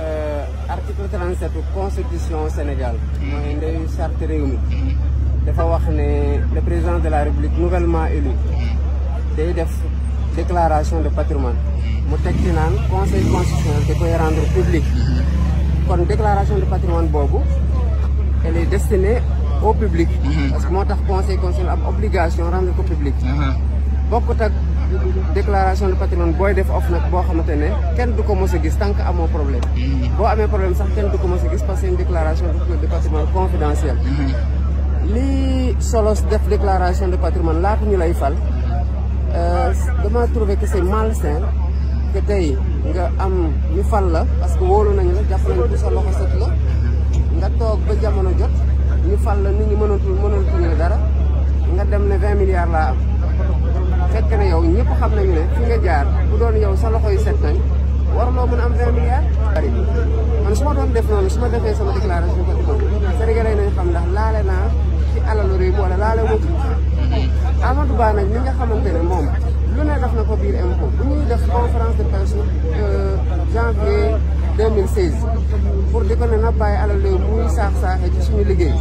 Euh, article 37 de la Constitution au constitution Sénégal. Je ndeyu charte réew le président de la république nouvellement élu fait une déclaration de patrimoine Je ci conseil constitutionnel qui rendre public kon déclaration de patrimoine elle est destinée au public mhm. parce que le conseil constitutionnel l'obligation obligation rendre au public mhm. bokut ak déclaration de patrimoine boy def off nak bo xamantene ne kenn duko ko gis tank amo problème hmm. bo amé problème sax kenn duko ko gis parce que une déclaration de patrimoine confidentielle hmm. li solo def déclaration de patrimoine laata ñu lay fal euh, dama trouvé que c'est malsain que tay nga am ñu fal la parce que wóolu nañu la japp nañu bu sa loxo set la nga tok ba jamono jot ñu fal la nit ñi mënatul mënatul la dara nga dem ne 20 milliards la am fekk na yow ñëpp xam nañu ne fi nga jaar bu doon yow sa loxo yi set nañ war loo mën am 20 milliards. bari man su doon def noonu su ma defee sama déclaration ko dugg Sénégalais nañ xam ndax laale naa ci alalu réew wala laale wu Amadou Ba nag ñi nga xamante ne moom lu ne def na ko biir impôt bu ñuy def conférence de presse euh, janvier 2016 pour di ko ne na bàyyi alal réew muy saax saaxee ci suñu liggéey.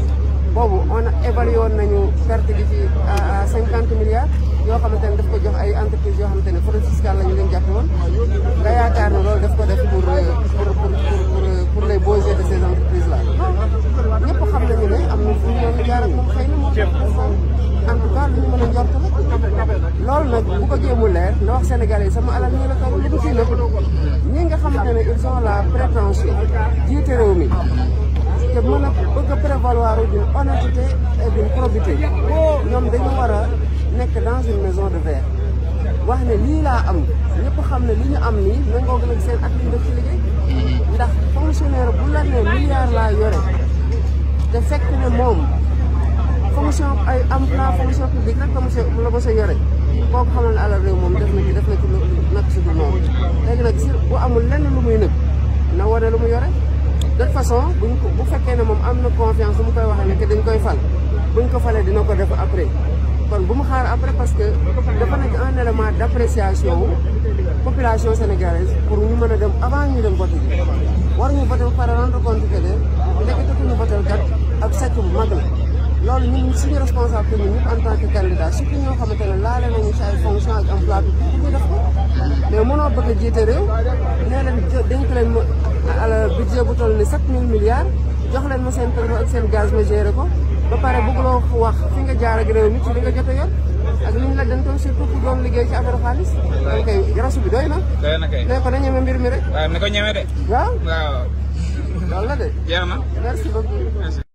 boobu on évalué woon nañu perte bi ci à cinquante milliards yoo xamante ne daf ko jox ay entreprises yoo xamante ne fraude fiscale la ñu leen jàpp woon yaakaar ne loolu daf ko def pour euh, pour pour euh, pour les beaux yeux de ces entreprises là ñëpp xam nañu ne am na fu ñu doon jaar ak moom xëy na moo tax en tout a njort loolu nag bu ko jéemu leer na wax Sénégalais yi sama alal ñii la ko lu mu fii nëpp ñi nga xamante ne ils ont la prétention jiite réew mi d'une honnêteté et d'une probité ñoom dañu war a nekk dans une maison de verre wax ne nii laa am ñëpp xam ne li ñu am nii méngoo nag seen ak liñ def ndax fonctionnaire bu la ne milliard laa yore te fekk ne moom fonction ay emploi fonction publique rek la mos a la mos a yore kooku xamal ne alal réew moom def na ci def na ci nag si du noonu léegi nag si bu amul lenn lu muy nëb façon buñ ko bu fekkee ne moom am na confiance bu mu koy wax ne que dañ koy fal buñ ko falee dina ko def après kon bu mu xaar après parce que dafa nekk un élément d' appréciation population sénégalaise pour ñu mën a dem avant ñu dem voté war ñu voté par pare rendre compte que de ndekete ku ñu kat ak sàcc mag la loolu ñun suñu responsable ñun ñëpp en tant que candidat surtout ñoo xamante ne la nañu ci ay fonction ak emploi bi ñu def ko mais a jiite réew nee leen dénk leen ma budget ni sept mille milliards jox leen ma seen pétrole ak seen gaz ma géré ko ba pare bëgguloo wax fi nga jaar ak réew mi ci li nga jot a yor ak li ñu la dentoon surtout ku doon liggéey ci affaire xaalis. waaw kay rasu bi doy na. doy ko na ñeme mbir mi rek. waaw na ko ñeme de. waaw waaw. loolu la de. jeex na merci beaucoup.